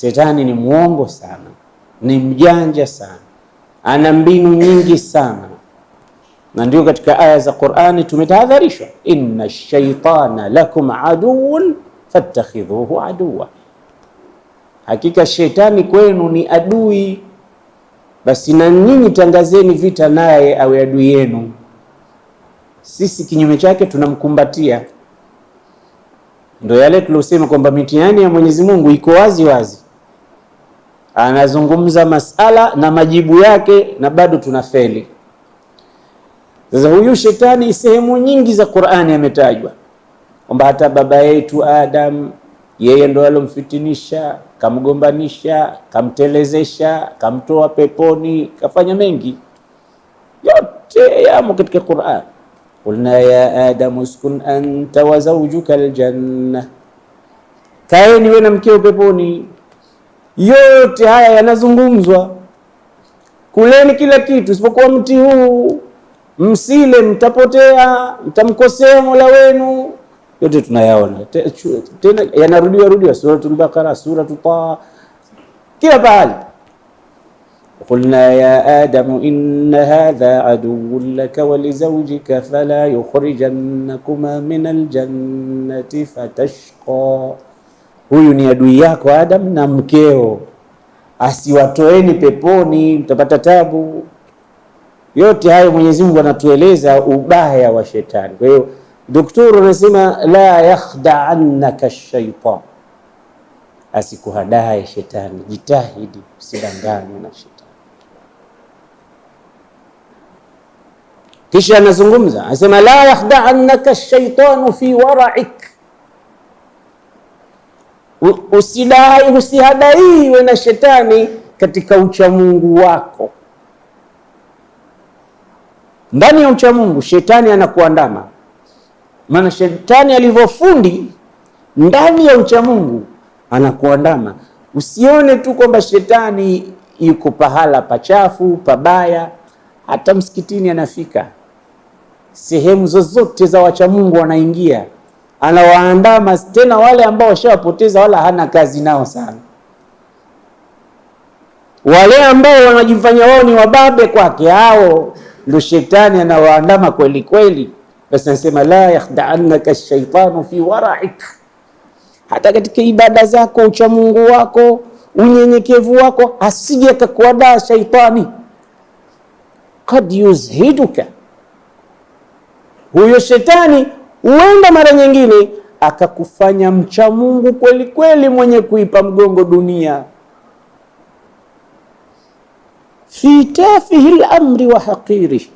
Shetani ni mwongo sana, ni mjanja sana, ana mbinu nyingi sana, na ndio katika aya za Qur'ani tumetahadharishwa, inna shaitana lakum aduun fattakhidhuhu aduwa, hakika shetani kwenu ni adui, basi na nyinyi tangazeni vita naye awe adui yenu. Sisi kinyume chake tunamkumbatia. Ndio yale tuliosema kwamba mitihani ya Mwenyezi Mungu iko wazi wazi anazungumza masala na majibu yake, na bado tunafeli. Sasa huyu shetani, sehemu nyingi za Qur'ani ametajwa kwamba hata baba yetu Adam yeye ndo alomfitinisha, kamgombanisha, kamtelezesha, kamtoa peponi, kafanya mengi, yote yamo katika Qur'an. Qulna ya Adam uskun anta wa zawjuka aljanna, kaeni wewe na mkeo peponi yote haya yanazungumzwa, kuleni kila kitu isipokuwa mti huu, msile mtapotea, mtamkosea Mola wenu. Yote tunayaona tena, yanarudiwa rudiwa, Suratul Baqara, Suratul Taha, kila pahali. Qulna ya adamu inna hadha aduwwun laka wa lizawjika fala yukhrijannakuma min aljannati fatashqa huyu ni adui yako Adam na mkeo, asiwatoeni peponi, mtapata tabu. Yote hayo Mwenyezi Mungu anatueleza ubaya wa shetani. Kwa hiyo daktari anasema la yakhda'annaka shaitan, asikuhadae shetani, jitahidi usidanganywe na shetani. Kisha anazungumza anasema la yakhda'annaka shaitanu fi wara'ik usidai usihadaiwe na shetani katika uchamungu wako. Ndani ya uchamungu shetani anakuandama, maana shetani alivyofundi ndani ya uchamungu anakuandama. Usione tu kwamba shetani yuko pahala pachafu pabaya, hata msikitini anafika, sehemu zozote za wachamungu wanaingia anawaandaa tena wale ambao washawapoteza wala hana kazi nao sana, wale ambao wanajifanya wao ni wababe kwake, hao ndo shetani anawaandama kweli kweli. Basi nasema la yakhdaannaka shaitanu fi waraik, hata katika ibada zako, uchamungu wako, unyenyekevu wako, asije akakuadaa shaitani. Kad yuzhiduka, huyo shetani huenda mara nyingine akakufanya mcha Mungu kweli kweli, mwenye kuipa mgongo dunia. fi tafihi lamri wa haqiri,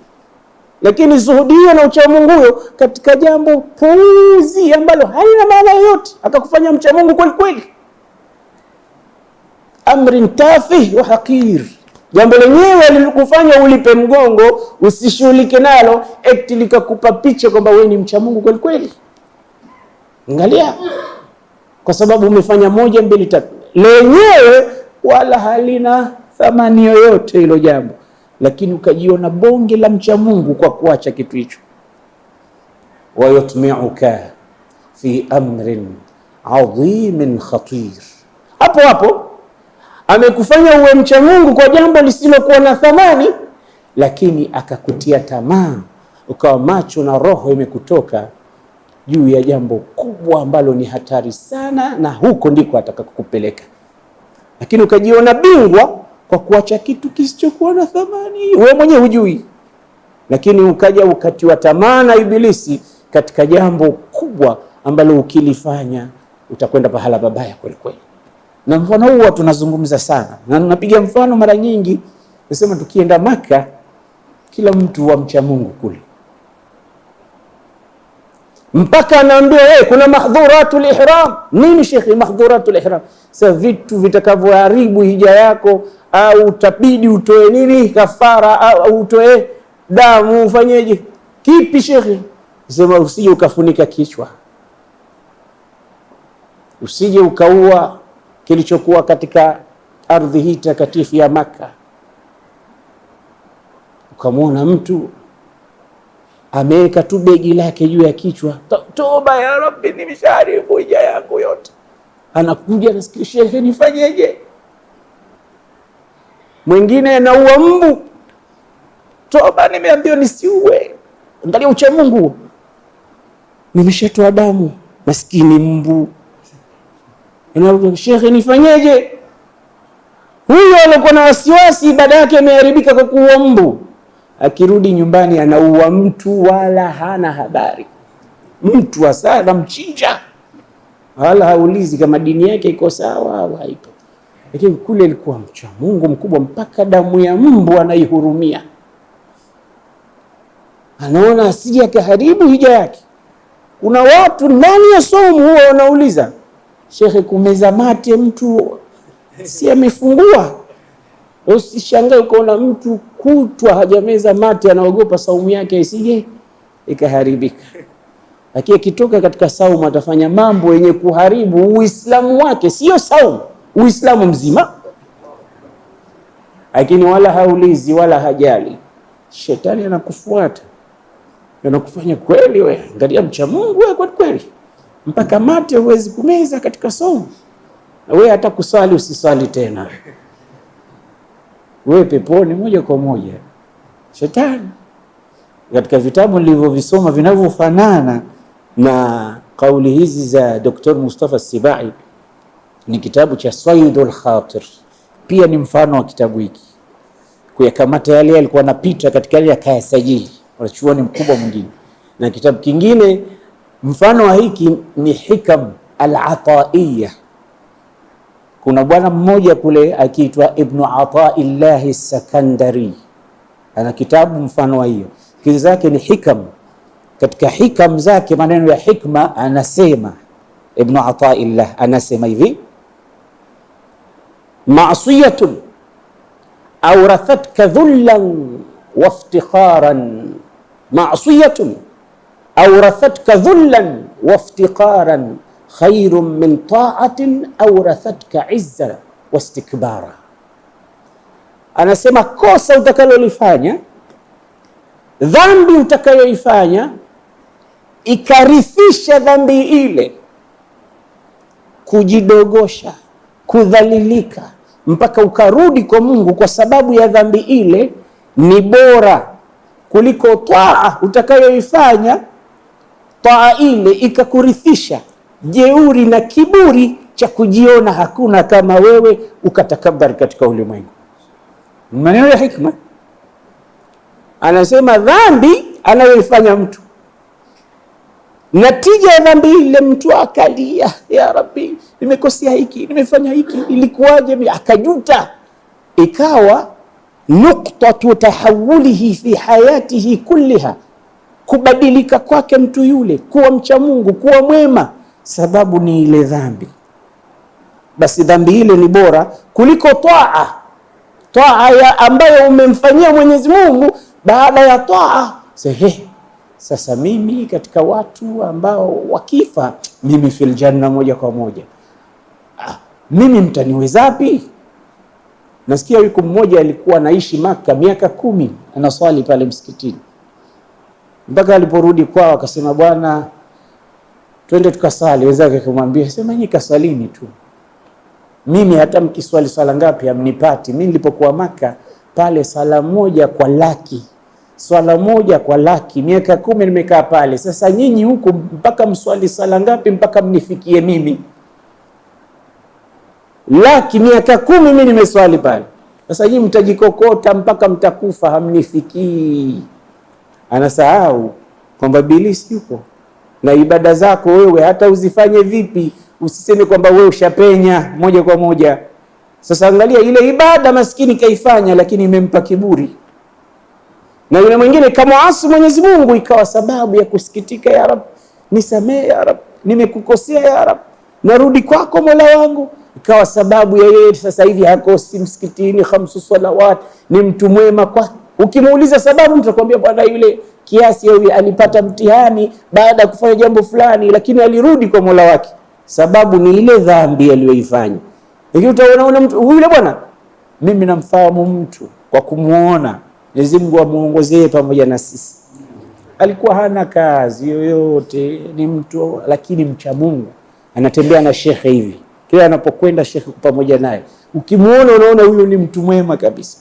lakini zuhudia na ucha Mungu huyo katika jambo puuzi ambalo halina maana yoyote, akakufanya mcha Mungu kweli kweli. amri tafih wa haqiri jambo lenyewe lilikufanya ulipe mgongo, usishughulike nalo, eti likakupa picha kwamba wewe ni mcha Mungu kweli kweli. Angalia, kwa sababu umefanya moja mbili tatu, lenyewe wala halina thamani yoyote hilo jambo, lakini ukajiona bonge la mcha Mungu kwa kuacha kitu hicho. wayutmiuka fi amrin adhimin khatir, hapo hapo amekufanya uwe mcha Mungu kwa jambo lisilokuwa na thamani, lakini akakutia tamaa, ukawa macho na roho imekutoka juu ya jambo kubwa ambalo ni hatari sana, na huko ndiko atakakupeleka. Lakini ukajiona bingwa kwa kuacha kitu kisichokuwa na thamani, wewe mwenyewe hujui, lakini ukaja ukatiwa tamaa na Ibilisi katika jambo kubwa ambalo ukilifanya utakwenda pahala babaya kweli kweli na mfano huu tunazungumza sana na napiga mfano mara nyingi, nasema tukienda Maka, kila mtu wa mcha Mungu kule, mpaka anaambiwa hey, kuna mahdhuratul ihram. Nini shekhi mahdhuratul ihram? Sasa vitu vitakavyoharibu hija yako, au utabidi utoe nini kafara, au utoe damu, ufanyeje? Kipi shekhi? Sema usije ukafunika kichwa, usije ukaua kilichokuwa katika ardhi hii takatifu ya maka ukamwona mtu ameweka tu begi lake juu ya kichwa, toba ya Rabbi, nimeshaharibu hija yangu yote. Anakuja nasikia, shehe, nifanyeje? Mwingine anaua mbu, toba, nimeambiwa nisiue. Angalia uchamungu Mungu, nimeshatoa damu, maskini mbu Anarudia, shekhe, nifanyeje? Huyo alikuwa na wasiwasi, ibada yake imeharibika kwa kuua mbu. Akirudi nyumbani anaua mtu, wala hana habari. Mtu hasa anamchinja, wala haulizi kama dini yake iko sawa au haipo. Lakini kule alikuwa mcha Mungu mkubwa, mpaka damu ya mbu anaihurumia, anaona asije akaharibu hija yake. Kuna watu ndani ya somu huwa wanauliza shehe kumeza mate mtu si amefungua. Usishangae ukaona mtu kutwa hajameza mate, anaogopa saumu yake isije ikaharibika. Lakini akitoka katika saumu atafanya mambo yenye kuharibu Uislamu wake, sio saumu, Uislamu mzima, lakini wala haulizi wala hajali. Shetani anakufuata anakufanya kweli, we angalia, mcha Mungu we kweli kweli mpaka mate huwezi kumeza katika somo, na wewe hata kusali usisali tena, wewe peponi moja kwa moja. Shetani katika vitabu nilivyovisoma vinavyofanana na kauli hizi za Dr. Mustafa Sibai ni kitabu cha Saidul Khatir, pia ni mfano wa kitabu hiki. Kuyakamata yale alikuwa anapita katika yale akayasajili, wanachuoni mkubwa mwingine na kitabu kingine Mfano wa hiki ni hikam al-ataiya. Kuna bwana mmoja kule akiitwa Ibnu Ataillahi Sakandari, ana kitabu mfano wa hiyo, kizi zake ni hikam. Katika hikam zake maneno ya hikma, anasema Ibnu Ataillah anasema hivi, masiyatun aurathatka dhullan wa iftikharan, masiyatun aurathatka dhullan waftiqaran khairun min taatin aurathatka izza wastikbara. Anasema kosa utakalolifanya, dhambi utakayoifanya ikarithisha dhambi ile kujidogosha, kudhalilika, mpaka ukarudi kwa Mungu kwa sababu ya dhambi ile, ni bora kuliko twaa utakayoifanya taa ile ikakurithisha jeuri na kiburi cha kujiona hakuna kama wewe, ukatakabari katika ulimwengu. Maneno ya hikma anasema, dhambi anayoifanya mtu, natija ya dhambi ile mtu akalia, ya Rabbi, nimekosea hiki, nimefanya hiki, ilikuwaje? Akajuta, ikawa nuktatu tahawulihi fi hayatihi kulliha kubadilika kwake mtu yule kuwa mcha Mungu, kuwa mwema, sababu ni ile dhambi. Basi dhambi ile ni bora kuliko taa, taa ya ambayo umemfanyia Mwenyezi Mungu. Baada ya taa sehe, sasa mimi katika watu ambao wakifa, mimi fil janna moja kwa moja, ah, mimi mtaniwezapi? Nasikia yuko mmoja alikuwa anaishi Maka miaka kumi anaswali pale msikitini mpaka aliporudi kwao akasema, bwana, twende tukasali. Wenzake akamwambia, sema nyi kasalini tu, mimi hata mkiswali sala ngapi amnipati Mimi nilipokuwa Maka pale sala moja kwa laki swala moja kwa laki, miaka kumi nimekaa pale. Sasa nyinyi huku mpaka mswali sala ngapi mpaka mnifikie mimi? Laki miaka kumi mimi nimeswali pale. Sasa nyinyi mtajikokota mpaka mtakufa, hamnifikii anasahau kwamba bilisi yuko na ibada zako wewe, hata uzifanye vipi, usiseme kwamba wewe ushapenya moja kwa moja. Sasa angalia ile ibada maskini kaifanya, lakini imempa kiburi, na yule mwingine kamwasi Mwenyezi Mungu, ikawa sababu ya kusikitika. Ya Rab, nisamehe ya Rab, nimekukosea ya Rab, narudi kwako Mola wangu ikawa sababu ya yeye sasa hivi hakosi msikitini, khamsu salawat, ni mtu mwema kwake Ukimuuliza sababu, mtakwambia bwana, yule kiasi au alipata mtihani baada ya kufanya jambo fulani, lakini alirudi kwa Mola wake. Sababu ni ile dhambi aliyoifanya. Lakini utaona una mtu huyu, yule, bwana, mimi namfahamu mtu kwa kumuona, Mwenyezi Mungu amuongozee pamoja na sisi. Alikuwa hana kazi yoyote, ni mtu lakini mcha Mungu, anatembea na shekhe hivi, kila anapokwenda shekhe pamoja naye, ukimuona unaona huyu ni mtu mwema kabisa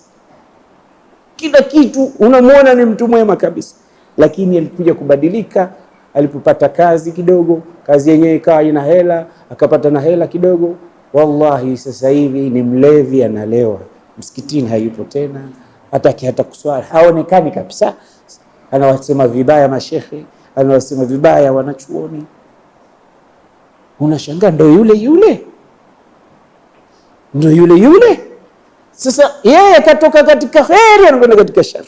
kila kitu, unamwona ni mtu mwema kabisa, lakini alikuja kubadilika alipopata kazi kidogo, kazi yenyewe ikawa ina hela, akapata na hela kidogo. Wallahi, sasa hivi ni mlevi, analewa, msikitini hayupo tena, hataki hata kuswali, haonekani kabisa. Anawasema vibaya mashekhe, anawasema vibaya wanachuoni. Unashangaa, ndo yule yule, ndo yule yule sasa yeye akatoka katika kheri anakwenda katika shari.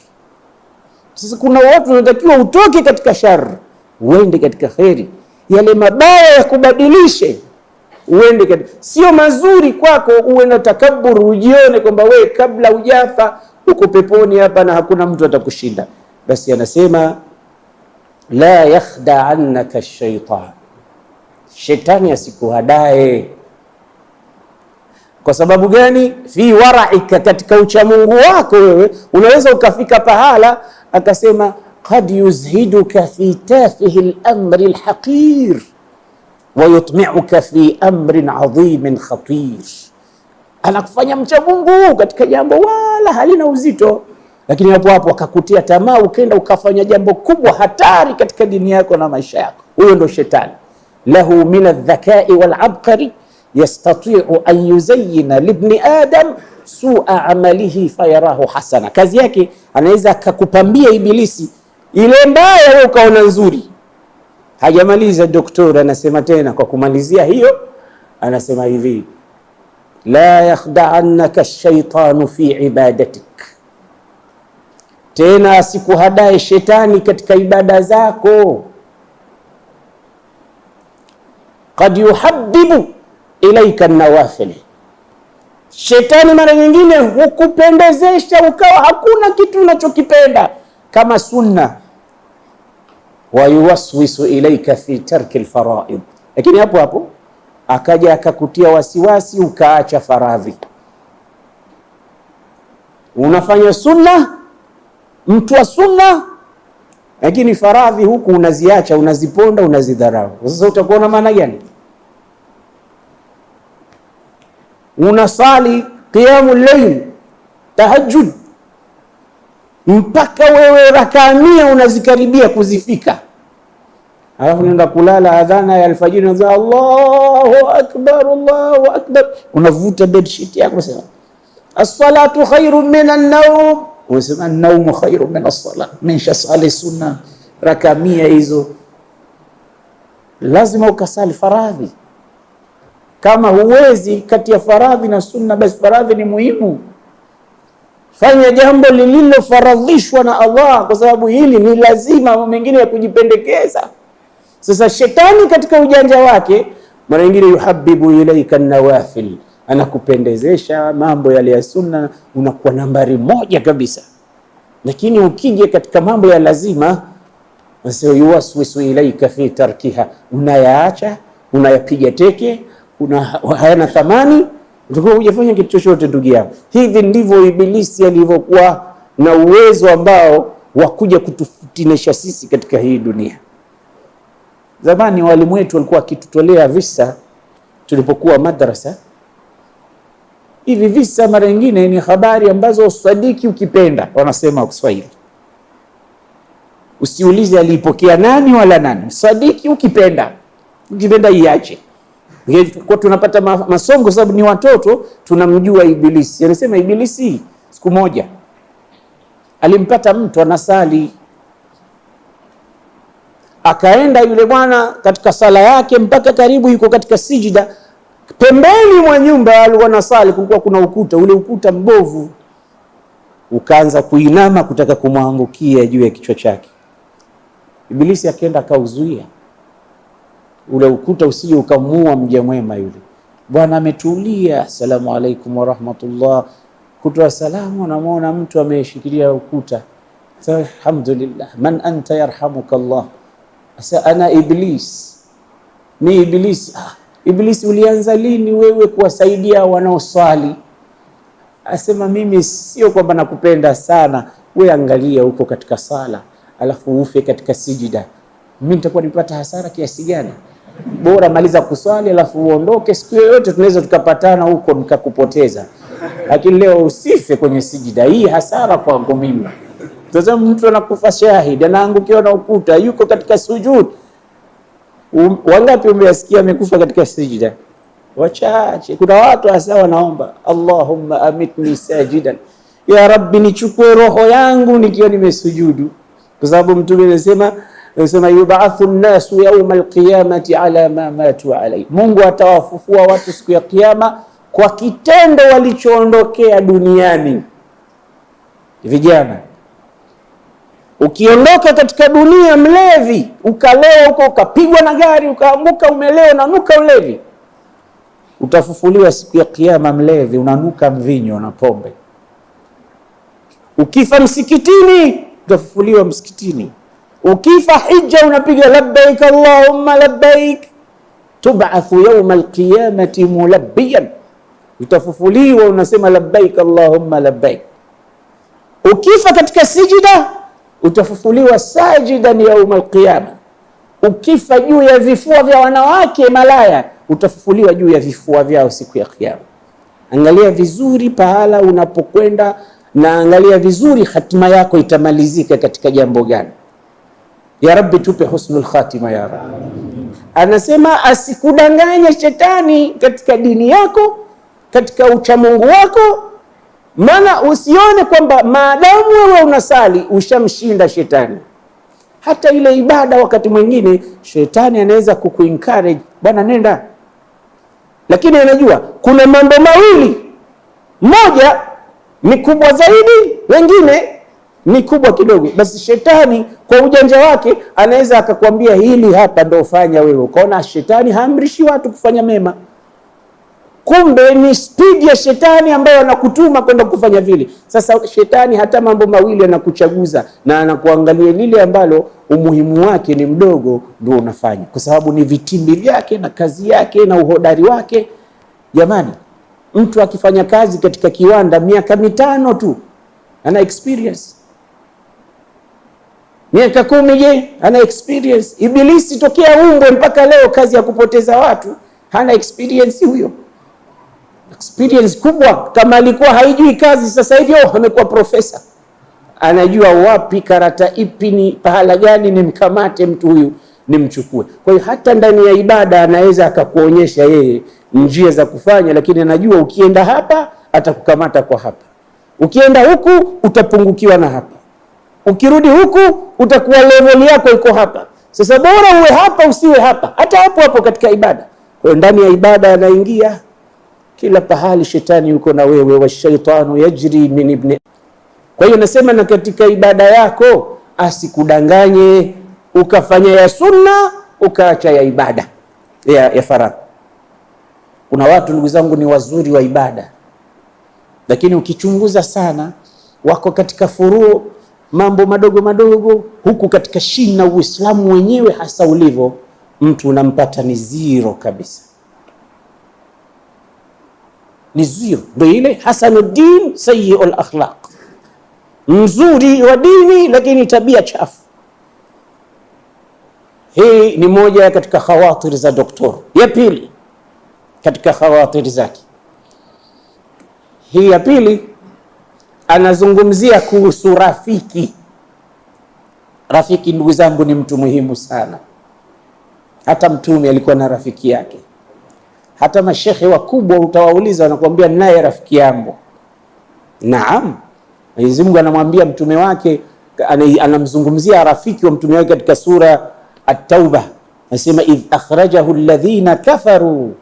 Sasa kuna watu wanatakiwa utoke katika shari uende katika kheri, yale mabaya yakubadilishe uende katika, sio mazuri kwako uwe na takaburu, ujione kwamba we kabla hujafa uko peponi hapa na hakuna mtu atakushinda. Basi anasema la yakhda annaka shaitan, shetani asikuhadae kwa sababu gani? fi waraika, katika uchamungu wako wewe unaweza ukafika pahala akasema qad yuzhiduka fi tafihi lamri lhaqir wayutmiuka fi amrin adhimin khatir, anakufanya mchamungu katika jambo wala halina uzito, lakini hapo hapo akakutia tamaa, ukenda ukafanya jambo kubwa hatari katika dini yako na maisha yako. Huyo ndo shetani, lahu min aldhakai walabqari yastatiu an yuzayyina libni adam sua amalihi fayarahu hasana. Kazi yake anaweza akakupambia ibilisi ile mbaya, wewe ukaona nzuri. Hajamaliza doktori, anasema tena kwa kumalizia hiyo, anasema hivi la yakhda'annaka shaitanu fi ibadatik, tena asikuhadae shetani katika ibada zako. qad yuhabbibu ilaika nawafili. Shetani mara nyingine hukupendezesha ukawa hakuna kitu unachokipenda kama sunna, wayuwaswisu ilaika fi tarki lfaraid, lakini hapo hapo akaja akakutia wasiwasi ukaacha faradhi. Unafanya sunna, mtu wa sunna, lakini faradhi huku unaziacha, unaziponda, unazidharau. Sasa utakuwa na maana gani? unasali qiyamu llail tahajjud, mpaka wewe rakaa mia unazikaribia kuzifika, alafu nenda kulala, adhana ya alfajiri naza Allahu akbar Allahu akbar, unavuta bedsheet yako unasema as-salatu khairun min an-nawm, unasema an-nawm khairun min as-salat. Meshasali sunna rakaa mia hizo, lazima ukasali faradhi kama huwezi kati ya faradhi na sunna, basi faradhi ni muhimu. Fanya jambo lililofaradhishwa na Allah, kwa sababu hili ni lazima, mambo mengine ya kujipendekeza. Sasa shetani katika ujanja wake, mara nyingine yuhabibu ilaika nawafil, anakupendezesha mambo yale ya sunna, unakuwa nambari moja kabisa, lakini ukija katika mambo ya lazima yuwaswisu ilaika fi tarkiha, unayaacha unayapiga teke una hayana thamani, utakuwa hujafanya kitu chochote. Ndugu yangu, hivi ndivyo Ibilisi alivyokuwa na uwezo ambao wakuja kutufutinisha sisi katika hii dunia. Zamani walimu wetu walikuwa wakitutolea visa tulipokuwa madrasa. Hivi visa mara nyingine ni habari ambazo usadiki ukipenda, wanasema Kiswahili, usiulize aliipokea nani wala nani, sadiki ukipenda, ukipenda iache kwa tunapata masongo sababu ni watoto, tunamjua Ibilisi. Anasema Ibilisi siku moja alimpata mtu anasali, akaenda yule bwana katika sala yake mpaka karibu yuko katika sijida, pembeni mwa nyumba alikuwa anasali, kulikuwa kuna ukuta, ule ukuta mbovu ukaanza kuinama kutaka kumwangukia juu ya kichwa chake. Ibilisi akaenda akauzuia ule ukuta usije ukamuua mja mwema yule. Bwana ametulia, assalamu alaikum warahmatullah. Kutoa salamu, anamwona mtu ameshikilia ukuta, alhamdulillah. Man anta yarhamuka Allah. Asa ana Iblis, ni Iblis. Ah, Iblis, ulianza lini wewe kuwasaidia wanaoswali? Asema mimi sio kwamba nakupenda sana we, angalia huko katika sala alafu ufe katika sijida, mimi nitakuwa nipata hasara kiasi gani? bora maliza kuswali alafu uondoke. Siku yoyote tunaweza tukapatana huko nikakupoteza, lakini leo usife kwenye sijida hii. Hasara kwangu mimi. Tazama, mtu anakufa shahidi, anaangukiwa na ukuta, yuko katika sujud. Um, wangapi umeyasikia amekufa katika sijida? Wachache. Kuna watu hasa wanaomba Allahumma amitni sajidan, ya Rabbi nichukue roho yangu nikiwa nimesujudu, kwa sababu Mtume amesema Anasema yubathu nnasu yauma alqiyamati ala ma matu alayhi, Mungu atawafufua watu siku ya Kiyama kwa kitendo walichoondokea duniani. Vijana, ukiondoka katika dunia mlevi, ukalewa huko, ukapigwa na gari, ukaanguka, umelewa, unanuka ulevi, utafufuliwa siku ya Kiyama mlevi, unanuka mvinyo na pombe. Ukifa msikitini, utafufuliwa msikitini. Ukifa hija unapiga labbaik allahumma labbaik, tubathu yauma alqiyamati mulabbiyan, utafufuliwa unasema labbaik allahumma labbaik. Ukifa katika sijida utafufuliwa sajidan yauma alqiyama. Ukifa juu ya vifua vya wanawake malaya utafufuliwa juu ya vifua vyao siku ya Kiyama. Angalia vizuri pahala unapokwenda na angalia vizuri hatima yako itamalizika katika jambo gani. Ya Rabbi, tupe husnul khatima ya Rabbi. Anasema asikudanganye shetani katika dini yako, katika uchamungu wako, maana usione kwamba maadamu wewe unasali ushamshinda shetani. Hata ile ibada wakati mwingine shetani anaweza kukuencourage, bwana nenda, lakini anajua kuna mambo mawili, moja ni kubwa zaidi, wengine ni kubwa kidogo, basi shetani kwa ujanja wake anaweza akakwambia hili hapa ndo fanya wewe. Ukaona shetani haamrishi watu kufanya mema, kumbe ni spidi ya shetani ambayo anakutuma kwenda kufanya vile. Sasa shetani hata mambo mawili anakuchaguza na anakuangalia lile ambalo umuhimu wake ni mdogo, ndio unafanya, kwa sababu ni vitimbi vyake na kazi yake na uhodari wake. Jamani, mtu akifanya kazi katika kiwanda miaka mitano tu ana experience miaka kumi. Je, ana experience? Ibilisi tokea umbwe mpaka leo, kazi ya kupoteza watu, hana experience huyo? Experience kubwa. Kama alikuwa haijui kazi, sasa hivi oh, amekuwa profesa, anajua wapi karata ipi ni pahala gani nimkamate mtu huyu nimchukue. Kwa hiyo hata ndani ya ibada anaweza akakuonyesha yeye njia za kufanya, lakini anajua ukienda hapa atakukamata kwa hapa, ukienda huku utapungukiwa na hapa. Ukirudi huku utakuwa level yako iko hapa. Sasa bora uwe hapa usiwe hapa, hata hapo hapo katika ibada. Kwa ndani ya ibada anaingia kila pahali, shetani yuko na wewe, washaitanu yajri min ibn Kwa hiyo nasema, na katika ibada yako asikudanganye ukafanya ya sunna ukaacha ya ibada ya, ya faradhi. Kuna watu ndugu zangu ni wazuri wa ibada, lakini ukichunguza sana wako katika furuu mambo madogo madogo, huku katika shina Uislamu wenyewe hasa ulivyo, mtu unampata ni zero kabisa, ni zero. Ndio ile hasanuddin sayyiul akhlaq, mzuri wa dini lakini tabia chafu. Hii ni moja katika khawatir za doktor. Ya pili katika khawatiri zake hii ya pili anazungumzia kuhusu rafiki. Rafiki, ndugu zangu, ni mtu muhimu sana. Hata Mtume alikuwa na rafiki yake. Hata mashekhe wakubwa utawauliza, wanakuambia naye rafiki yangu. Naam, Mwenyezi Mungu anamwambia mtume wake, anamzungumzia rafiki wa mtume wake katika sura At-Tauba, anasema idh akhrajahu alladhina kafaru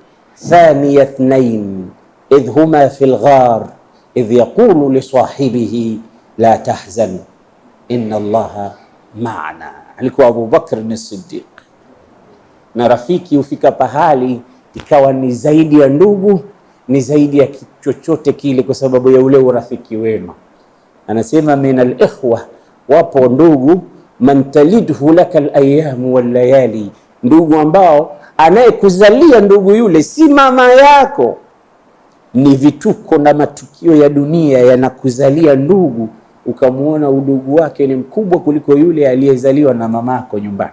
thaniya thnain idh huma fil ghar idh yaqulu li la tahzan inna Allaha maana. Alikuwa Abu Bakr ni Siddiq, na rafiki hufika pahali ikawa ni zaidi ya ndugu, ni zaidi ya chochote kile, kwa sababu ya ule urafiki wema. Anasema min alikhwa, wapo ndugu, man talidhu laka alayamu wallayali, ndugu ambao anayekuzalia ndugu yule si mama yako ni vituko na matukio ya dunia yanakuzalia ndugu, ukamwona udugu wake ni mkubwa kuliko yule aliyezaliwa na mamako nyumbani.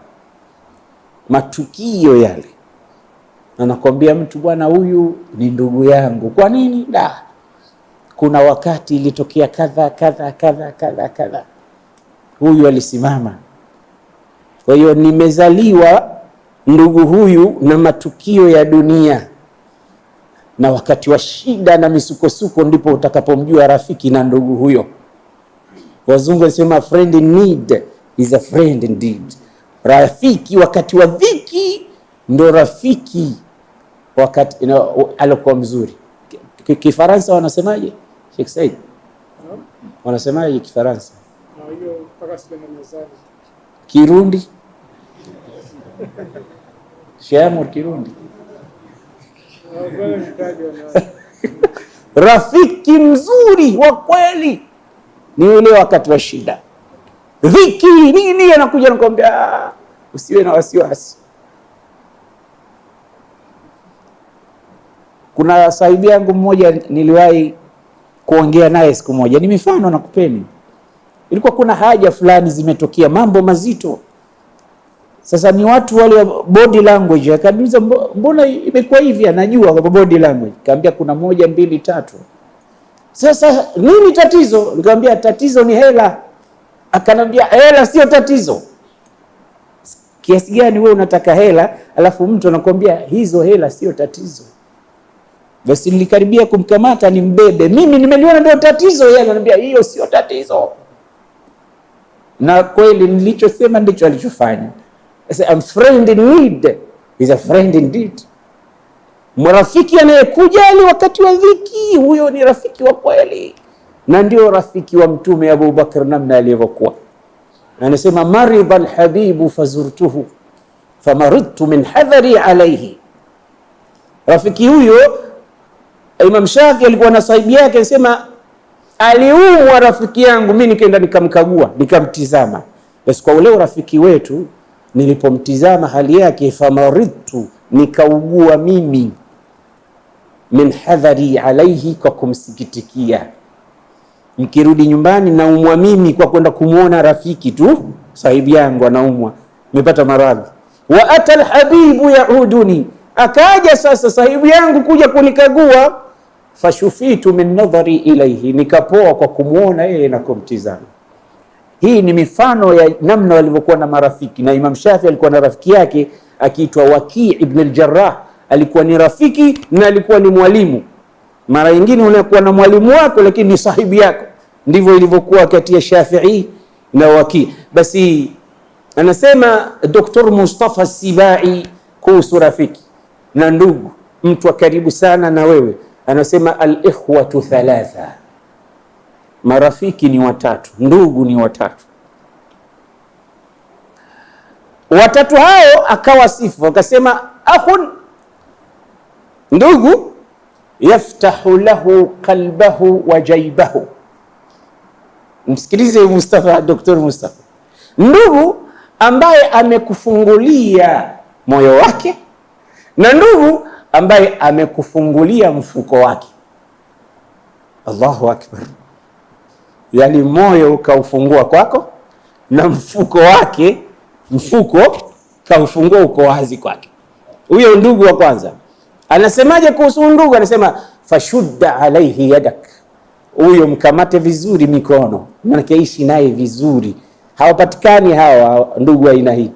Matukio yale anakwambia mtu, bwana, huyu ni ndugu yangu. Kwa nini? Da, kuna wakati ilitokea kadha kadha kadha kadha kadha, huyu alisimama. Kwa hiyo nimezaliwa ndugu huyu na matukio ya dunia na wakati wa shida na misukosuko ndipo utakapomjua rafiki na ndugu huyo. Wazungu walisema friend in need is a friend indeed. Rafiki wakati wa dhiki ndo rafiki wakati alikuwa mzuri. Kifaransa wanasemaje, Sheikh Said? Wanasemaje Kifaransa? Kirundi? Kirundi Rafiki mzuri wa kweli ni yule wakati wa shida, dhiki nini, anakuja nakwambia, ah, usiwe na wasiwasi. Kuna sahibi yangu mmoja niliwahi kuongea naye siku moja, ni mifano nakupeni. Ilikuwa kuna haja fulani zimetokea, mambo mazito sasa ni watu wale body language, akaniuliza mbona imekuwa hivi? Anajua kwa body language, kaambia kuna moja mbili tatu. Sasa nini tatizo? Nikamwambia tatizo ni hela. Akanambia hela sio tatizo. Kiasi gani wewe unataka hela, alafu mtu anakuambia hizo hela sio tatizo? Basi nilikaribia kumkamata mbebe mimi nimeliona ndio tatizo, yeye ananiambia hiyo sio tatizo. Na kweli nilichosema ndicho alichofanya. I say, I'm friend in need is a friend indeed. Mrafiki ni wakati wa dhiki, huyo ni rafiki wa kweli, na ndio rafiki wa Mtume Abubakar namna alivyokuwa. Anasema, maridha alhabibu fazurtuhu famaridtu min hadhari alayhi. Rafiki huyo Imam Shafi alikuwa na sahibu yake, anasema aliumwa rafiki yangu, mimi nikaenda nikamkagua, nikamtizama. Basi kwa ule rafiki wetu nilipomtizama hali yake, famaridtu, nikaugua mimi, min hadhari alaihi, kwa kumsikitikia. Nikirudi nyumbani naumwa mimi kwa kwenda kumwona rafiki tu, sahibi yangu anaumwa, nimepata maradhi. Wa ata lhabibu yauduni, akaja sasa sahibu yangu kuja kunikagua. Fashufitu min nadhari ilaihi, nikapoa kwa kumwona yeye na kumtizama hii ni mifano ya namna walivyokuwa na marafiki, na Imam Shafi alikuwa na rafiki yake akiitwa Waki ibn al-Jarrah, alikuwa ni rafiki na alikuwa ni mwalimu. Mara nyingine unakuwa na mwalimu wako lakini ni sahibi yako. Ndivyo ilivyokuwa kati ya Shafi'i na Waki. Basi anasema Dr. Mustafa Sibai kuhusu rafiki na ndugu, mtu wa karibu sana na wewe, anasema al-ikhwatu thalatha marafiki ni watatu, ndugu ni watatu. Watatu hao akawa sifu, akasema, akhun, ndugu, yaftahu lahu qalbahu wa jaibahu. Msikilize Mustafa, Dr. Mustafa, ndugu ambaye amekufungulia moyo wake na ndugu ambaye amekufungulia mfuko wake. Allahu akbar! yani moyo ukaufungua kwako na mfuko wake, mfuko kaufungua uko wazi kwake. Huyo ndugu wa kwanza anasemaje kuhusu ndugu? Anasema fashudda alaihi yadak, huyo mkamate vizuri mikono, maanake ishi naye vizuri. Hawapatikani hawa ndugu aina hii,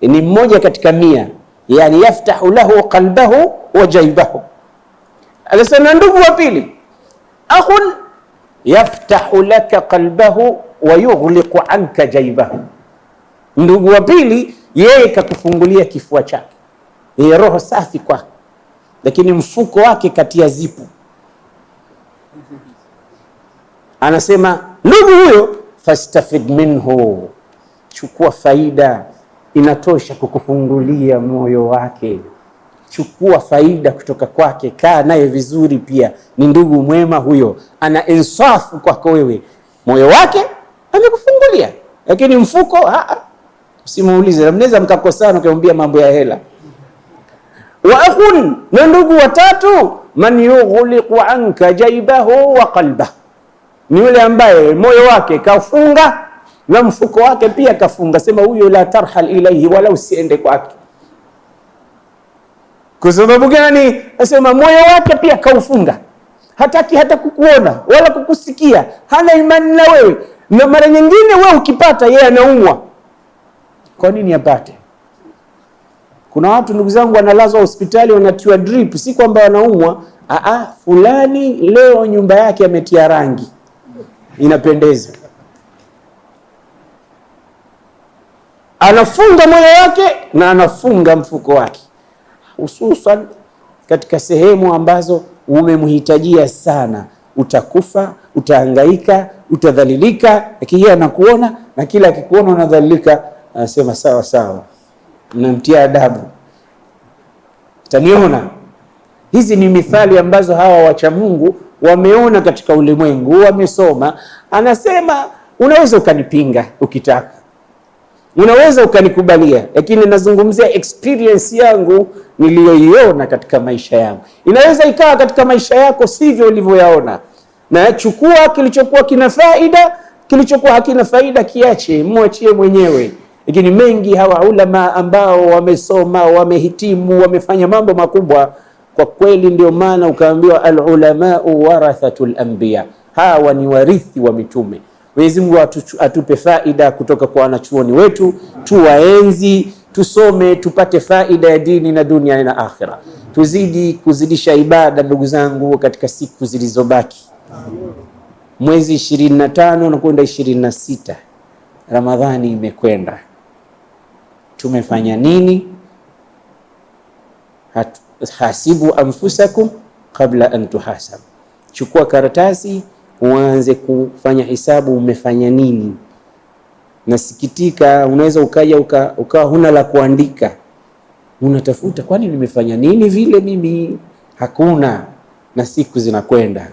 ni mmoja katika mia. Yani yaftahu lahu qalbahu wa jaibahu. Anasema ndugu wa pili akhun yaftahu laka qalbahu wa yughliqu anka jaibahu, ndugu wa pili, yeye kakufungulia kifua chake, yeye roho safi kwake, lakini mfuko wake ya zipu. Anasema ndugu huyo, fastafid minhu, chukua faida, inatosha kukufungulia moyo wake chukua faida kutoka kwake, kaa naye vizuri. Pia ni ndugu mwema huyo, ana insafu kwako wewe, moyo wake amekufungulia. Lakini mfuko usimuulize, na mnaweza mkakosana ukamwambia mambo ya hela. Wa akhun, na ndugu watatu, man yughliqu anka jaibahu wa qalbah ni yule ambaye moyo wake kafunga na mfuko wake pia kafunga. Sema huyo la tarhal ilaihi, wala usiende kwake. Kwa sababu gani? Anasema moyo wake pia kaufunga, hataki hata kukuona wala kukusikia, hana imani na wewe. Na mara nyingine wewe ukipata, yeye anaumwa. Kwa nini apate? Kuna watu ndugu zangu wanalazwa hospitali, wanatiwa drip, si kwamba wanaumwa. Aa, fulani leo nyumba yake ametia rangi inapendeza, anafunga moyo wake na anafunga mfuko wake hususan katika sehemu ambazo umemhitajia sana. Utakufa, utahangaika, utadhalilika, lakini yeye anakuona na kila akikuona unadhalilika, anasema sawa sawa, mnamtia adabu, taniona. Hizi ni mithali ambazo hawa wacha Mungu wameona katika ulimwengu, wamesoma. Anasema unaweza ukanipinga ukitaka Unaweza ukanikubalia, lakini nazungumzia experience yangu niliyoiona katika maisha yangu. Inaweza ikawa katika maisha yako sivyo ulivyoyaona, na chukua kilichokuwa kina faida, kilichokuwa hakina faida kiache, mwachie mwenyewe. Lakini mengi hawa ulama ambao wamesoma, wamehitimu, wamefanya mambo makubwa kwa kweli, ndio maana ukaambiwa alulamau warathatul anbiya, hawa ni warithi wa mitume. Mwenyezi Mungu atupe faida kutoka kwa wanachuoni wetu, tuwaenzi, tusome, tupate faida ya dini na dunia na akhira. Tuzidi kuzidisha ibada, ndugu zangu, katika siku zilizobaki, mwezi ishirini na tano kwenda ishirini na sita Ramadhani imekwenda. Tumefanya nini? Hasibu anfusakum qabla an tuhasabu. Chukua karatasi uanze kufanya hisabu umefanya nini. Nasikitika, unaweza ukaja ukawa uka huna la kuandika, unatafuta kwani nimefanya nini vile mimi, hakuna na siku zinakwenda.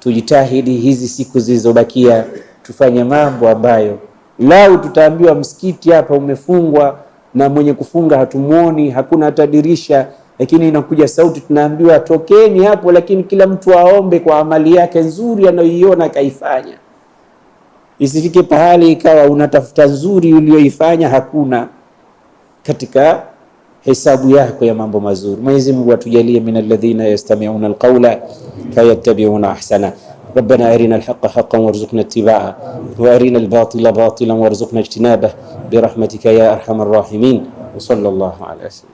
Tujitahidi hizi siku zilizobakia tufanye mambo ambayo lau tutaambiwa msikiti hapa umefungwa na mwenye kufunga hatumuoni, hakuna hata dirisha lakini inakuja sauti, tunaambiwa tokeni hapo, lakini kila mtu aombe kwa amali yake nzuri anayoiona akaifanya. Isifike pahali ikawa unatafuta nzuri uliyoifanya hakuna katika hesabu yako ya mambo mazuri. Mwenyezi Mungu atujalie min alladhina yastami'una alqawla fayattabi'una ahsana Rabbana arina alhaqa haqqan warzuqna ittiba'ahu wa arina albatila batilan warzuqna ijtinabah birahmatika ya arhamar rahimin wa sallallahu ala